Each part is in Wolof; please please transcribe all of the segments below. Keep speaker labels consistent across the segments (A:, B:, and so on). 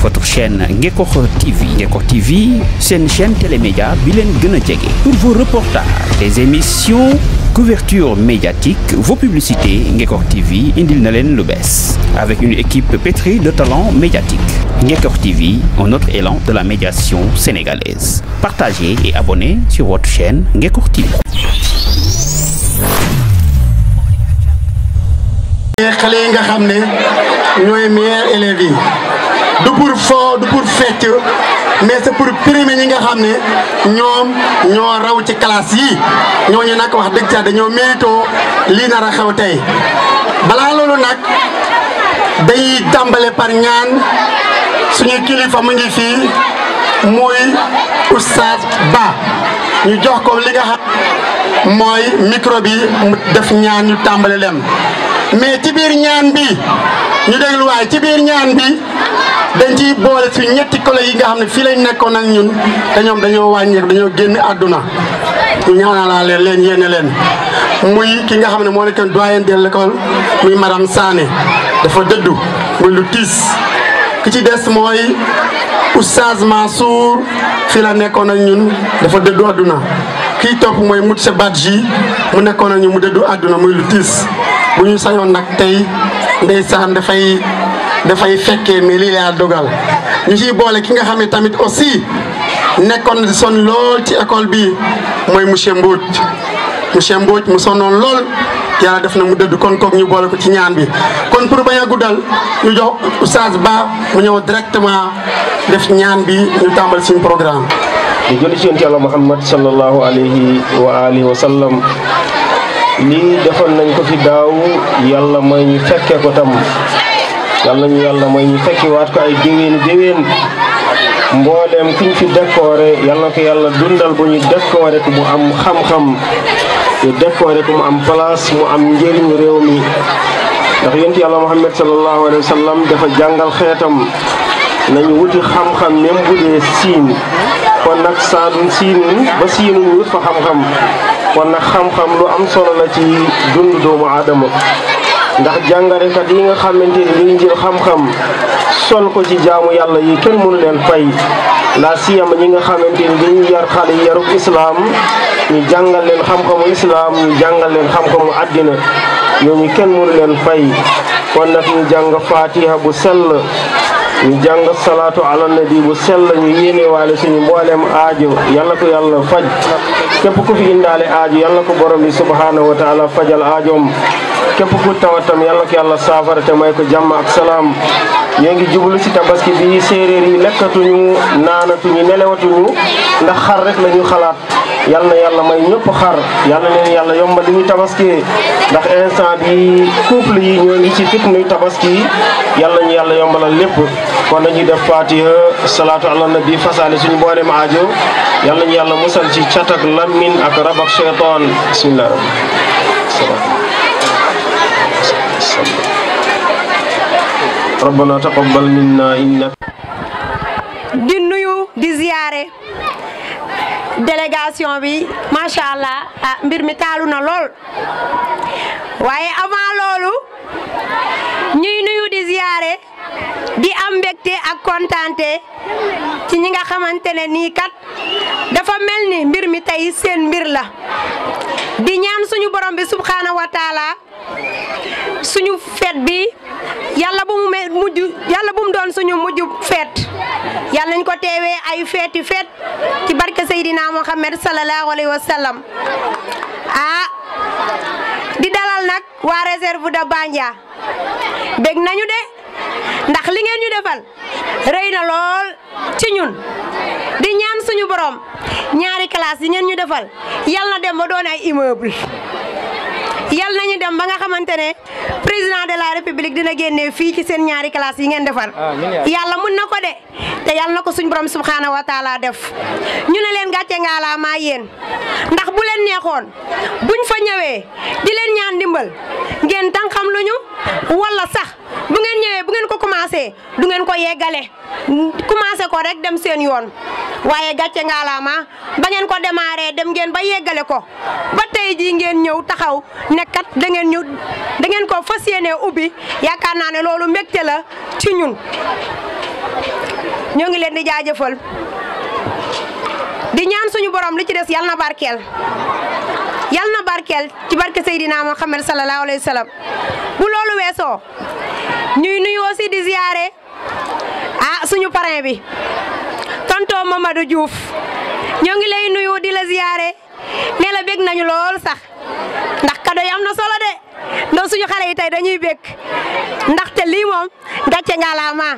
A: votre chaîne Ngekokh TV Ngekokh TV c'est une chaîne télémédia bi leen pour vos reportages des émissions couverture médiatique vos publicités Ngekokh TV indil Nalen Lubes. avec une équipe pétrie de talents médiatiques Ngekokh TV un autre élan de la médiation sénégalaise partagez et abonnez sur votre chaîne Ngekokh TV Nous sommes nga meilleurs du pour foo du pour fecc mais c'est pour primer ñi nga xam ne ñoom ñoo raw ci classe yi ñooñu nag wax dëgg ca dañoo mérito lii nar a xew tey balaa loolu nag dañuy tàmbale par ñaan suñu kilifa mu ngi fii mooy Oustaz Ba ñu jox ko li nga xam mooy micro bi mu def ñaan ñu tàmbale lem mais ci biir ñaan bi ñu déglu ci biir ñaan bi ñetti collègues yi nga xam ne fii lañ nekkoon ak ñun te ñoom dañoo wàññeeku dañoo génn àdduna ñu ñaanalaa leen leen yéene leen muy ki nga xam ne moo nekkoon doyen de l'école muy madame Sané dafa dëddu muy lu tiis ki ci des mooy oustaz Mansour fii la nekkoon ak ñun dafa dëddu àdduna kii topp mooy Moussa ji mu nekkoon ak ñun mu dëddu àdduna muy lu tiis bu ñu sañoon nag tey ndeysaan dafay dafay fekkee mais dogal ñu ciy boole ki nga xam ne tamit aussi nekkoon son lol ci école bi mooy monsieur Mbodj monsieur Mbodj mu sonnoon lool yàlla def na mu dëdd kon kook ñu boole ko ci ñaan bi kon pour bañ guddal ñu jox oustaz Ba
B: mu ñëw directement def ñaan bi ñu tàmbali suñu programme di julli ci yonent Muhammad sallallahu alayhi wa alihi wa sallam lii defoon nañ ko fi daaw yàlla may ñu fekkee ko tam yàlla ñu yàlla mooy ñu fekki ko ay déwéen déwéen mbooleem kuñ fi décoré yàlla ko yàlla dundal bu ñu décoré ko bu am xam-xam ñu décoré ko mu am place mu am njëriñu réew mi ndax yonent yàlla Muhammad sallallahu alayhi wa sallam dafa jàngal xeetam nañu wuti xam-xam kon nag saan siin ba siinum wut fa xam-xam kon nag xam-xam lu am solo la ci dund doomu aadama ndax jàngalekat yi nga xamante ni duñ jël xam-xam sol ko ci jaamu yàlla yi kenn mënu leen fay la siyama ñi nga xamante ni dañuy yar xale yarub islaam ñu jàngal leen xam-xamu islaam ñu jàngal leen xam-xamu àddina kenn mënu fay kon ñu fatiha bu ñu jàng salaatu ala nabi bu sell ñu yéenewaale suñu mbooleem aajo yàlla ko yàlla faj képp ku fi indaale aajo yàlla ko borom bi subhaanahu wa taala fajal aajoom képp ku tawatam yàlla ko yàlla saafara te may ko jàmm ak salaam ñoo ngi jublu ci tabaski bi séeréer yi lekkatuñu naanatuñu nelewatuñu ndax xar rek la ñu xalaat yalla yalla may ñepp xar yalla leen yalla yombal li ñu tabaski ndax instant bi couple yi ñoo ngi ci ñu tabaski yal yalla yàlla yombalal lepp kon dañuy def fatiha salatu ala nabi fasaale suñu mboolem aajo yalla ñu yalla musal ci chatak lamin ak rabak shaytan bismillah rabbana taqabbal minna
C: innaka di nuyu di ziyaare délégation bi macha allah ah, mbir mi taalu na lool waaye avant loolu ñuy nuyu di ziyaare di am mbégte ak kontaante ci ñi nga xamante ne nii kat dafa mel ni mbir mi tay seen mbir la di ñaan suñu borom bi subxanahu wa suñu feet bi yàlla bu mu mujj yàlla bu mu doon suñu mujj feet. yàlla nañ ko teewee ay feeti fét ci barké sayidina muhammad sallallahu alayhi Wasallam. ah di dalal nak wa réserve de Bandia bég nañu dé ndax li ngeen ñu défal reyna na lool ci ñun di ñaan suñu borom ñaari classe yi ñu défal na dem ba doon ay immeuble yal nañu dem ba nga xamantene ne président de la république dina génné fi ci sen ñaari classe yi ngeen defar yalla mën na ko de te yalla nako suñu borom subhanahu wa taala def ñu ne nga la ma yeen ndax bu len neexoon buñ fa ñëwé di len ñaan dimbal ngeen tankam luñu wala sax bu ngeen ñëwé bu ngeen ko commencé du ngeen ko yégalé commencé ko rek dem seen yoon nga la ma ba ngeen ko démarré dem ngeen ba yégalé ko ba tay ji ngeen ñëw taxaw kat da ngeen ñu da ngeen ko fassiyéné ubi yaakaar naa la ci ñun. ñoo ngi leen di jaajëfal di ñaan suñu borom li ci des yal na barkeel yal na barkeel ci barke Seydina Muhammad sallallahu alayhi wa sallam bu loolu weesoo ñuy nuyu aussi di ziyaare ah suñu parrain bi ma Mamadou Diouf ñoo ngi lay nuyu di la ziyaare nee la nañu lool sax ndax kado yi na xale yi tey dañuy bég ndaxte lii moom gàcce ngalaama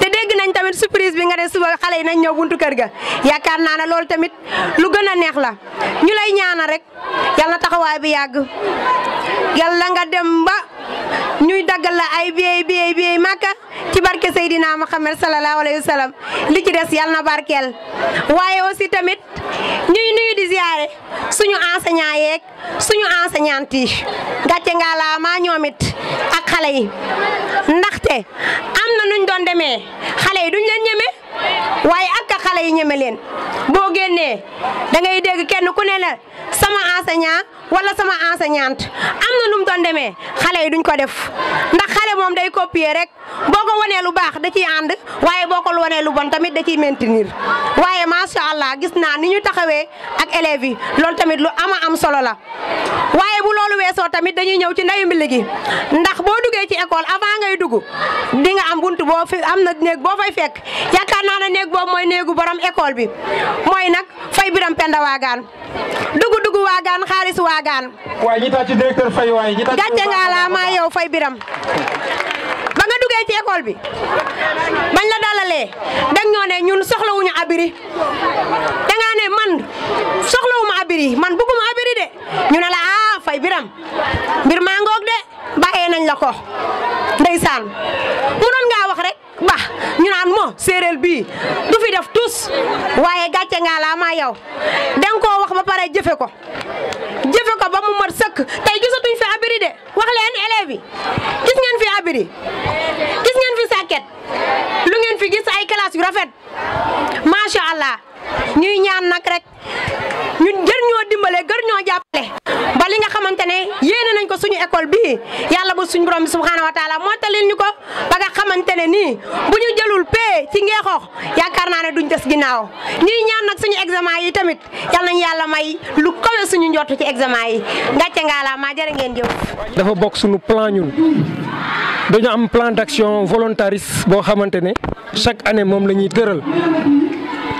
C: te dégg nañ tamit surprise bi nga ne suba xale yi nañ ñëw buntu kër ga yaakaar naa ne loolu tamit lu gën a neex la ñu lay ñaana rek yal na taxawaay bi yàgg yàlla nga dem ba ñuy daggal la ay biyey biyey biyey màkka ci barke seydinaa Muhammad sallallahu alayhi wa sallam li ci des yàlla na barkeel waaye aussi tamit ñuy nuyu di ziare suñu enseignant yeeg suñu enseignante yi gàcce nga laa maa ñoom ak xale yi ndaxte am na nuñ doon demee xale yi duñ leen ñeme waaye ak ka xale yi ñeme leen boo génnee dangay dégg kenn ku ne la sama enseignant wala sama enseignante am na nu mu doon demee xale yi duñ ko def ndax xale moom day copier rek boo ko wanee lu baax da ciy ànd waaye boo ko wanee lu bon tamit da ciy maintenir waaye macha allah gis naa ni ñu taxawee ak élèves yi loolu tamit lu ama am solo la. waaye bu loolu weesoo tamit dañuy ñëw ci ndeyu mbilli gi ndax boo duggee ci école avant ngay dugg di nga am bunt boo fi am na néeg boo fay fekk yaakaar naa ne néeg boobu mooy néegu borom école bi mooy nag fay biram penda waagaan dugg dugg waagaan xaalis waagaan. waay ñi taa
D: ci directeur fay
C: waay ñi taa yow fay biram. ngay ci école bi bañ la dalalé dañ ñoo ñun wuñu abiri da nga né man abiri man bëgguma abiri de ñu ne la ah fay biram bir maa de bàyyee nañ la ko ndeysaan mu doon nga wax rek ba ñu naan mo sérel bi du fi def tus waaye gatché nga la ma yow ko wax ba paré jëfé ko jëfé ko ba mu mat sëkk tay gisatuñ fi abiri de wax leen élève bi gis nga mbiri gis ngeen fi sàkket lu ngeen fi gis ay classe yu rafet macha allah ñuy ñaan nag rek ñu gër ñoo dimbale gër ñoo jàppale li nga xamante ne yéene nañ ko suñu école bii yàlla ba suñu borom bi subhaanahu wa taala moo talil ñu ko ba nga xamante nii bu ñu jëlul pee ci ngeexoox yaakaar naa ne duñ des ginnaaw ñuy ñaan nag suñu examen yi tamit yal nañ yàlla may lu kawe suñu njott ci examen yi ngàcce ngaalaa maa jërë ngeen jëf dafa
D: bokk suñu plan ñun dañu am plan d'action volontariste boo xamante ne chaque année moom la ñuy tëral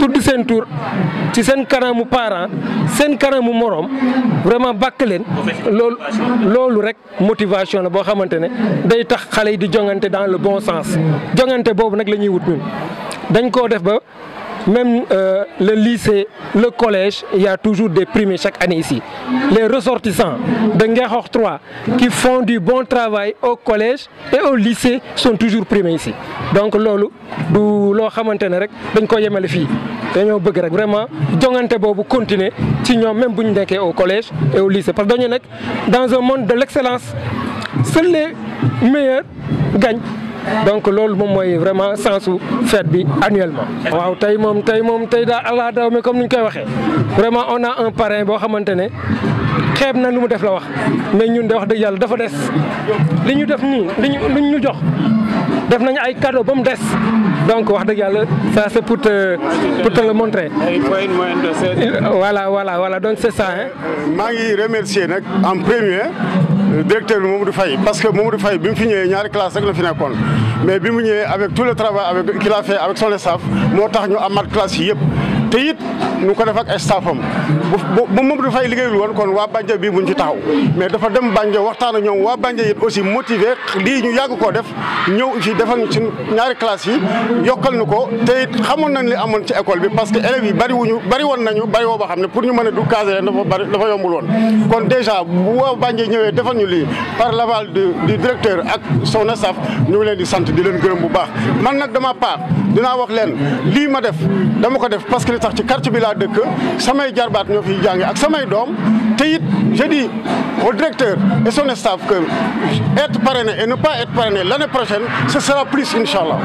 D: tudd seen tur ci seen kanamu parent seen kanamu morom vraiment bakk leen loolu loolu rek motivation la boo xamante ne day tax xale yi di jongante dans le bon sens jongante boobu nag la ñuy wut ñun dañ koo def ba même euh, le lycée, le collège, il y a toujours des primés chaque année ici. Les ressortissants de 3 qui font du bon travail au collège et au lycée sont toujours primés ici. Donc, lolo, du lo xamantene rek dañ ko vraiment jonganté bobu continuer ci ñom même buñ déké au collège et au lycée parce que dañu dans un monde de l'excellence seuls les meilleurs gagnent donc loolu moom mooy vraiment sensu fête bi annuellement. waaw tey moom tey moom tey daa allah daw mi comme ni ñu koy waxee vraiment on a un parrain boo xamante ne xeeb na lu mu def la wax mais ñun de wax dëgg yàlla dafa des li ñu def nii li ñu ñu jox. def nañ ay cadeaux bam dess donc wax deug yalla ça c'est pour te pour te le montrer. voilà voilà voilà donc c'est ça. Hein. maa ngi remercier nak en premier euh, directeur bi Mamadou
A: Faye parce que Mamadou Faye bimu mu fi ñëwee ñaari classe rek la fi nekkoon mais bimu mu avec tout le travail avec qu'il a fait avec son staff motax ñu amat classe yépp te it ko def ak staffam bu bu moom dafay liggéeyul woon kon waa Bandia bii buñ ci taxaw mais dafa dem Bandia waxtaan ak ñoom waa Bandia it aussi motivé lii ñu yàgg koo def ñëw ci defan ci ñaari classe yi yokkal ñu ko te it xamoon nañ li amoon ci école bi parce que yi bari wuñu bari woon nañu xam ne pour ñu mën a du caser leen dafa bari dafa yombul woon kon déjà bu waa Bandia ñëwee defal ñu lii par l'aval du directeur ak son staff ñu ngi leen di sant di leen gërëm bu baax man nag dama part dinaa wax leen lii ma def dama ko def parce que ci quartier bi samay jarbaat ñoo ak samay te je dis au directeur et son staff que être parrainé et ne pas être parrainé l'année prochaine ce sera plus inchallah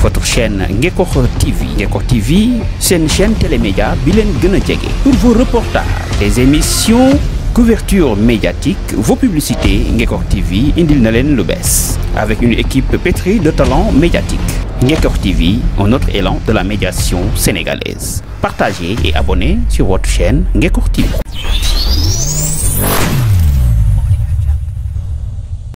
A: votre chaîne Ngeko TV Ngeko TV c'est une chaîne télémédia bi leen gëna a pour vos reportages des émissions couverture médiatique vos publicités Ngeko TV indil na leen lu avec une équipe pétrie de talents médiatiques Niekor TV, un autre élan de la médiation sénégalaise.
B: Partagez et abonnez sur votre chaîne Niekor TV.